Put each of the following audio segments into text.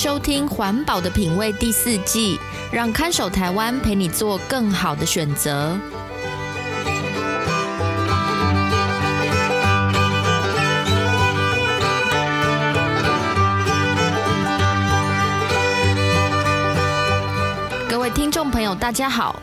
收聽環保的品味第四季，讓看守台灣陪你做更好的選擇。各位聽眾朋友，大家好。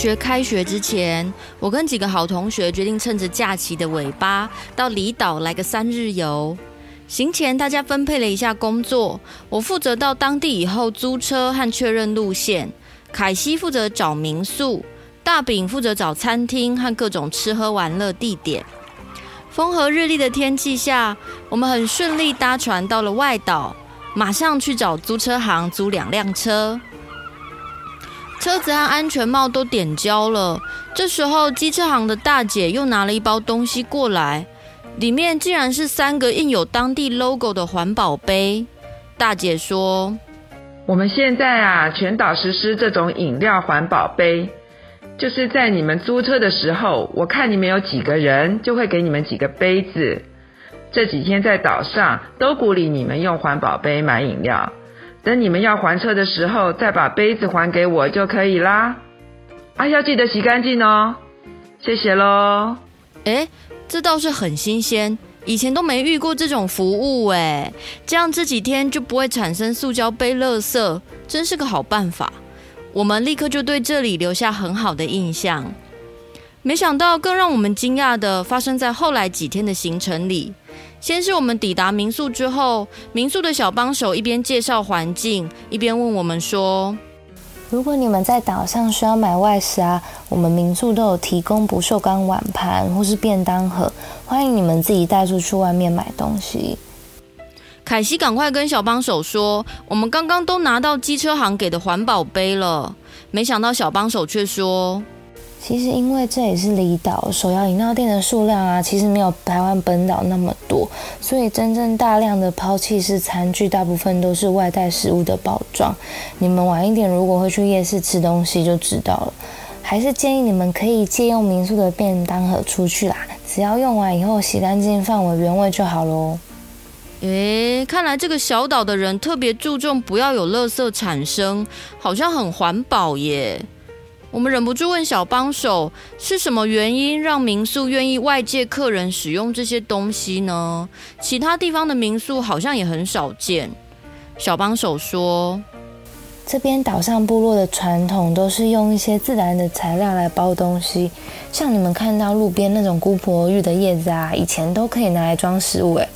學開學之前，我跟幾個好同學決定趁着假期的尾巴到離島來個三日遊。行前大家分配了一下工作，我負責到當地以後租車和確認路線，凱西負責找民宿，大餅負責找餐廳和各種吃喝玩樂地點。風和日麗的天氣下，我們很順利搭船到了外島，馬上去找租車行租兩輛車。車子和安全帽都點交了。這時候，機車行的大姐又拿了一包東西過來，裡面竟然是三個印有當地 logo 的環保杯。大姐說：“我們現在啊，全島實施這種飲料環保杯，就是在你們租車的時候，我看你們有幾個人，就會給你們幾個杯子。這幾天在島上都鼓勵你們用環保杯買飲料。”等你們要還車的時候，再把杯子還給我就可以啦。啊，要記得洗乾淨哦。謝謝嘍。哎，這倒是很新鮮，以前都沒遇過這種服務哎。這樣這幾天就不會產生塑膠杯垃圾，真是個好辦法。我們立刻就對這裡留下很好的印象。沒想到，更讓我們驚訝的，發生在後來幾天的行程裡。先是我們抵達民宿之後，民宿的小幫手一邊介紹環境，一邊問我們說：“如果你們在島上需要買外食啊，我們民宿都有提供不鏽鋼碗盤或是便當盒，歡迎你們自己帶出去外面買東西。”凱西趕快跟小幫手說：“我們剛剛都拿到機車行給的環保杯了。”沒想到小幫手卻說。其實，因為這也是離島，手搖飲料店的數量啊，其實沒有台灣本島那麼多，所以真正大量的拋棄式餐具，大部分都是外帶食物的包裝。你們晚一點如果會去夜市吃東西就知道了。還是建議你們可以借用民宿的便當盒出去啦，只要用完以後洗乾淨放回原位就好咯。誒、欸，看來這個小島的人特別注重不要有垃圾產生，好像很環保耶。我們忍不住問小幫手，是什麼原因讓民宿願意外界客人使用這些東西呢？其他地方的民宿好像也很少見。小幫手說，這邊島上部落的傳統都是用一些自然的材料來包東西，像你們看到路邊那種姑婆芋的葉子啊，以前都可以拿來裝食物。哎。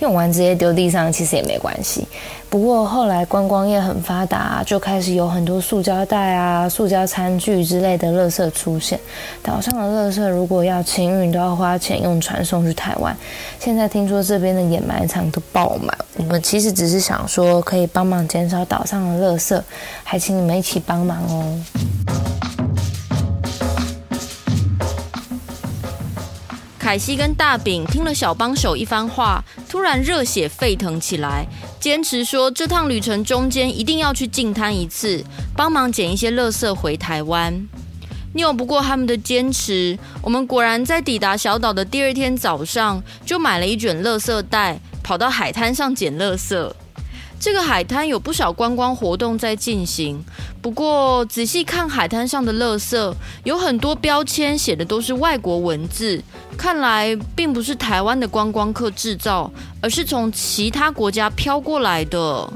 用完直接丟地上，其實也沒關係，不過後來觀光業很發達，就開始有很多塑膠袋啊、塑膠餐具之類的垃圾出現。島上的垃圾如果要清運，雲都要花錢用船送去台灣。現在聽說這邊的掩埋場都爆滿，我們其實只是想說可以幫忙減少島上的垃圾，還請你們一起幫忙哦。凱西跟大餅聽了小幫手一番話，突然熱血沸騰起來，堅持說這趟旅程中間一定要去淨灘一次，幫忙撿一些垃圾回台灣。拗不過他們的堅持，我們果然在抵達小島的第二天早上，就買了一卷垃圾袋，跑到海灘上撿垃圾。這個海灘有不少觀光活動在進行，不過仔細看海灘上的垃圾，有很多標籤寫的都是外國文字，看來並不是台灣的觀光客製造，而是從其他國家飄過來的。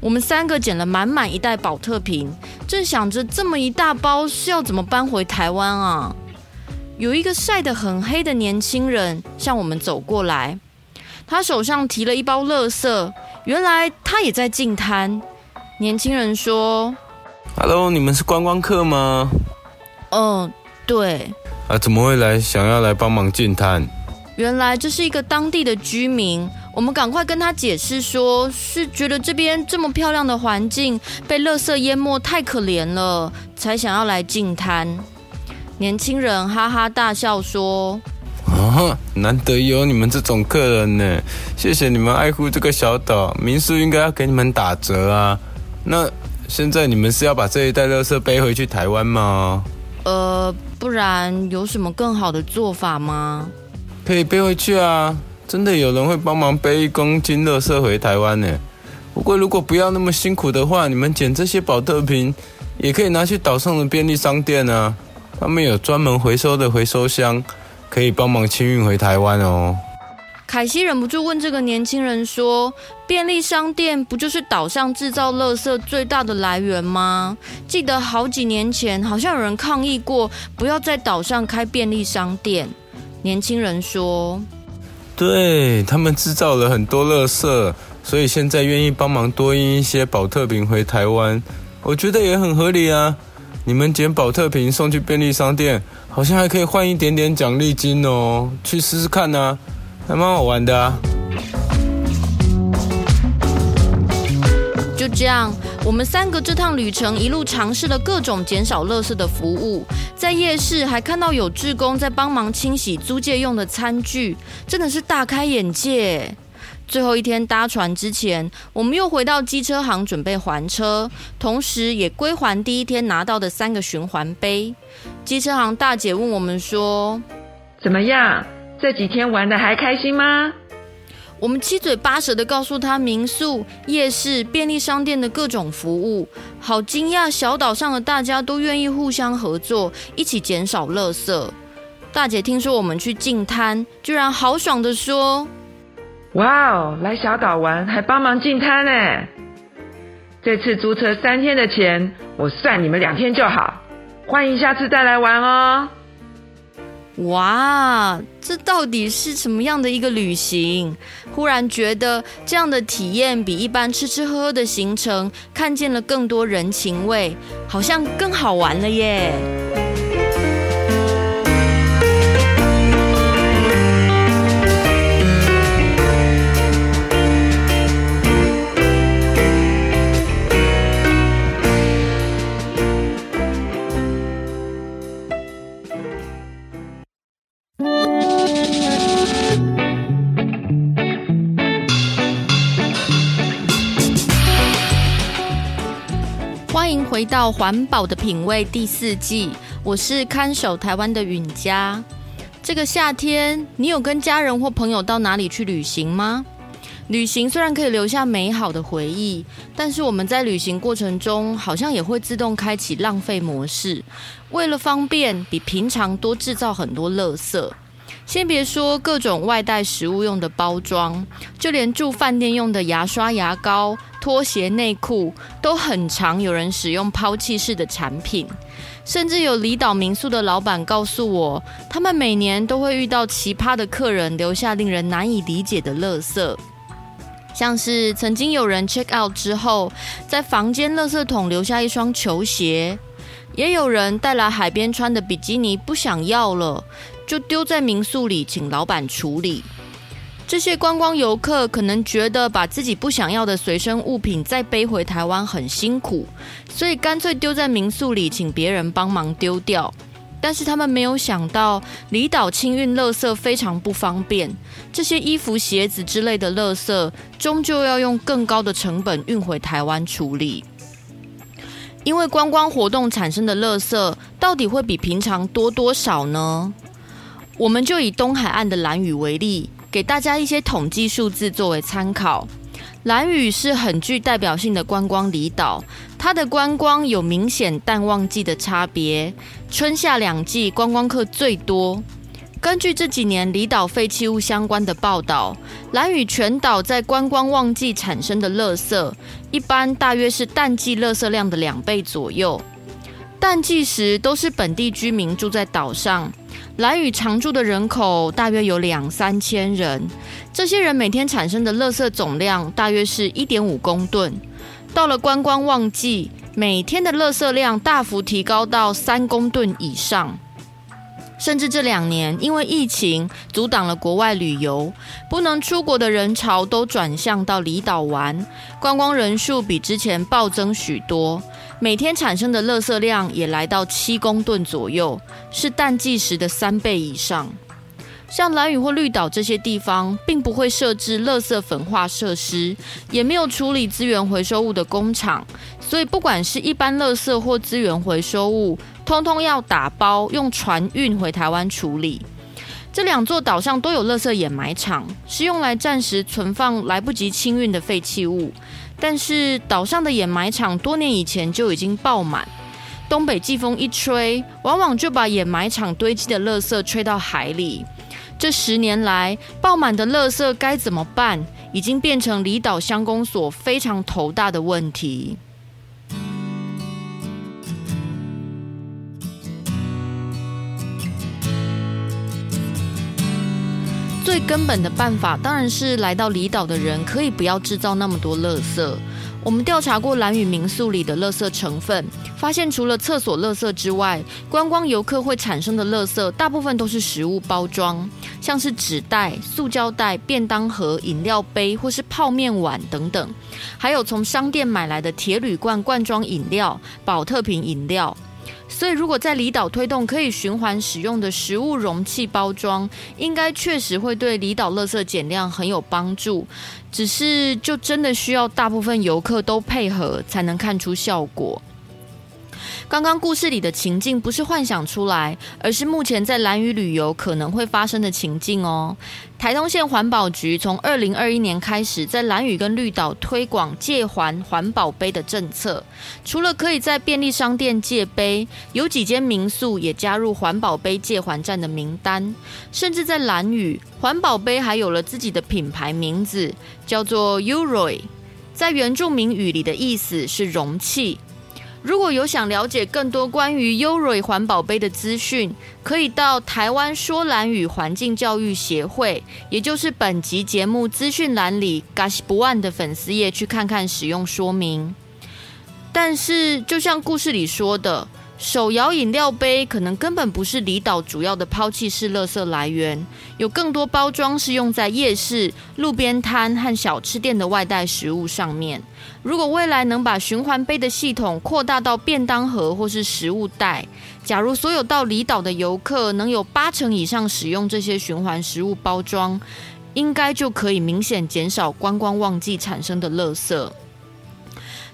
我們三個撿了滿滿一袋寶特瓶，正想着這麼一大包是要怎麼搬回台灣啊？有一個曬得很黑的年輕人向我們走過來，他手上提了一包垃圾。原來他也在淨灘。年輕人說：“Hello，你們是觀光客嗎？”“嗯，對。”“啊，怎麼會來？想要來幫忙淨灘？”原來這是一個當地的居民。我們趕快跟他解釋說，是覺得這邊這麼漂亮的環境被垃圾淹沒太可憐了，才想要來淨灘。年輕人哈哈大笑說。哦，難得有你們這種客人呢，謝謝你們愛護這個小島，民宿應該要給你們打折啊。那現在你們是要把這一袋垃圾背回去台灣嗎？呃，不然有什麼更好的做法嗎？可以背回去啊，真的有人會幫忙背一公斤垃圾回台灣呢。不過如果不要那麼辛苦的話，你們撿這些寶特瓶，也可以拿去島上的便利商店啊，他們有專門回收的回收箱。可以幫忙清運回台灣哦。凱西忍不住問這個年輕人說：“便利商店不就是島上製造垃圾最大的來源嗎？記得好幾年前，好像有人抗議過，不要在島上開便利商店。”年輕人說：“對，他們製造了很多垃圾，所以現在願意幫忙多運一些保特瓶回台灣，我覺得也很合理啊。你們撿保特瓶送去便利商店。”好像還可以換一點點獎勵金哦，去試試看吶啊，還蠻好玩的啊。就這樣，我們三個這趟旅程一路嘗試了各種減少垃圾的服務，在夜市還看到有志工在幫忙清洗租借用的餐具，真的是大開眼界。最後一天搭船之前，我們又回到機車行準備還車，同時也歸還第一天拿到的三個循環杯。機車行大姐問我們說：“怎麼樣？這幾天玩得還開心嗎？”我們七嘴八舌地告訴她民宿、夜市、便利商店的各種服務。好驚訝，小島上的大家都願意互相合作，一起減少垃圾。大姐聽說我們去淨灘，居然豪爽地說。哇哦，wow, 來小島玩還幫忙淨灘呢！這次租車三天的錢，我算你們兩天就好。歡迎下次再來玩哦！哇，這到底是什麼樣的一個旅行？忽然覺得這樣的體驗比一般吃吃喝喝的行程，看見了更多人情味，好像更好玩了耶！回到環保的品味第四季，我是看守台灣的允嘉。這個夏天，你有跟家人或朋友到哪裡去旅行嗎？旅行雖然可以留下美好的回憶，但是我們在旅行過程中好像也會自動開啟浪費模式，為了方便，比平常多製造很多垃圾。先別說各種外帶食物用的包裝，就連住飯店用的牙刷、牙膏、拖鞋、內褲，都很常有人使用拋棄式的產品。甚至有離島民宿的老闆告訴我，他們每年都會遇到奇葩的客人，留下令人難以理解的垃圾，像是曾經有人 check out 之後，在房間垃圾桶留下一雙球鞋，也有人帶來海邊穿的比基尼不想要了，就丟在民宿裡，請老板處理。這些觀光遊客可能覺得把自己不想要的隨身物品再背回台灣很辛苦，所以乾脆丟在民宿裡，請別人幫忙丟掉。但是他們沒有想到，離島清運垃圾非常不方便，這些衣服、鞋子之類的垃圾終究要用更高的成本運回台灣處理。因為觀光活動產生的垃圾到底會比平常多多少呢？我們就以東海岸的蘭嶼為例，給大家一些統計數字作為參考。蘭嶼是很具代表性的觀光離島，它的觀光有明顯淡旺季的差別，春夏兩季觀光客最多。根據這幾年離島廢棄物相關的報道，蘭嶼全島在觀光旺季產生的垃圾，一般大約是淡季垃圾量的兩倍左右。淡季時都是本地居民住在島上，蘭嶼常住的人口大約有兩三千人，這些人每天產生的垃圾總量大約是一點五公噸。到了觀光旺季，每天的垃圾量大幅提高到三公噸以上。甚至這兩年因為疫情阻擋了國外旅遊，不能出國的人潮都轉向到離島玩，觀光人數比之前暴增許多。每天產生的垃圾量也來到七公噸左右，是淡季時的三倍以上。像蘭嶼或綠島這些地方，並不會設置垃圾焚化設施，也沒有處理資源回收物的工廠，所以不管是一般垃圾或資源回收物，通通要打包用船運回台灣處理。這兩座島上都有垃圾掩埋場，是用來暫時存放來不及清運的廢棄物。但是島上的掩埋場多年以前就已經爆滿，東北季風一吹，往往就把掩埋場堆積的垃圾吹到海裡。這十年來，爆滿的垃圾該怎麼辦，已經變成離島鄉公所非常頭大的問題。最根本的辦法，當然是來到離島的人可以不要製造那麼多垃圾。我們調查過蘭嶼民宿裡的垃圾成分，發現除了廁所垃圾之外，觀光遊客會產生的垃圾，大部分都是食物包裝，像是紙袋、塑膠袋、便當盒、飲料杯或是泡麵碗等等，還有從商店買來的鐵鋁罐罐裝飲料、寶特瓶飲料。所以，如果在離島推動可以循環使用的食物容器包裝，應該確實會對離島垃圾減量很有幫助。只是，就真的需要大部分遊客都配合，才能看出效果。剛剛故事裡的情境不是幻想出來，而是目前在蘭嶼旅遊可能會發生的情境哦。臺東縣環保局從二零二一年開始，在蘭嶼跟綠島推廣借還環保杯的政策，除了可以在便利商店借杯，有幾間民宿也加入環保杯借還站的名單，甚至在蘭嶼環保杯還有了自己的品牌名字，叫做 Uroy，在原住民語裡的意思是容器。如果有想了解更多關於優瑞環保杯的資訊，可以到台灣說蘭嶼環境教育協會，也就是本集節目資訊欄裡 kasiboan 的粉絲頁去看看使用說明。但是，就像故事裡說的，手搖飲料杯可能根本不是離島主要的拋棄式垃圾來源，有更多包裝是用在夜市、路邊攤和小吃店的外帶食物上面。如果未來能把循環杯的系統擴大到便當盒或是食物袋，假如所有到離島的遊客能有八成以上使用這些循環食物包裝，應該就可以明顯減少觀光旺季產生的垃圾。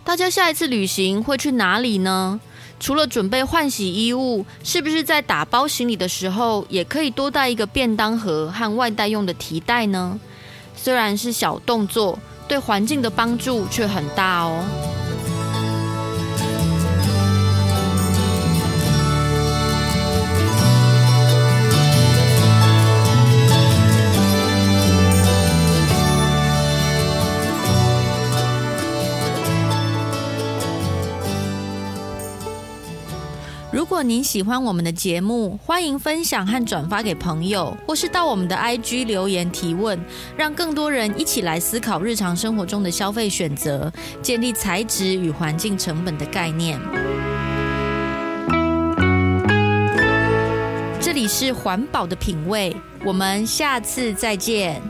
大家下一次旅行會去哪裡呢？除了準備換洗衣物，是不是在打包行李的時候也可以多帶一個便當盒和外帶用的提袋呢？雖然是小動作，對環境的幫助卻很大哦。如果您喜歡我們的節目，歡迎分享和轉發給朋友，或是到我們的 IG 留言提問，讓更多人一起來思考日常生活中的消費選擇，建立材質與環境成本的概念。這裡是環保的品味，我們下次再見。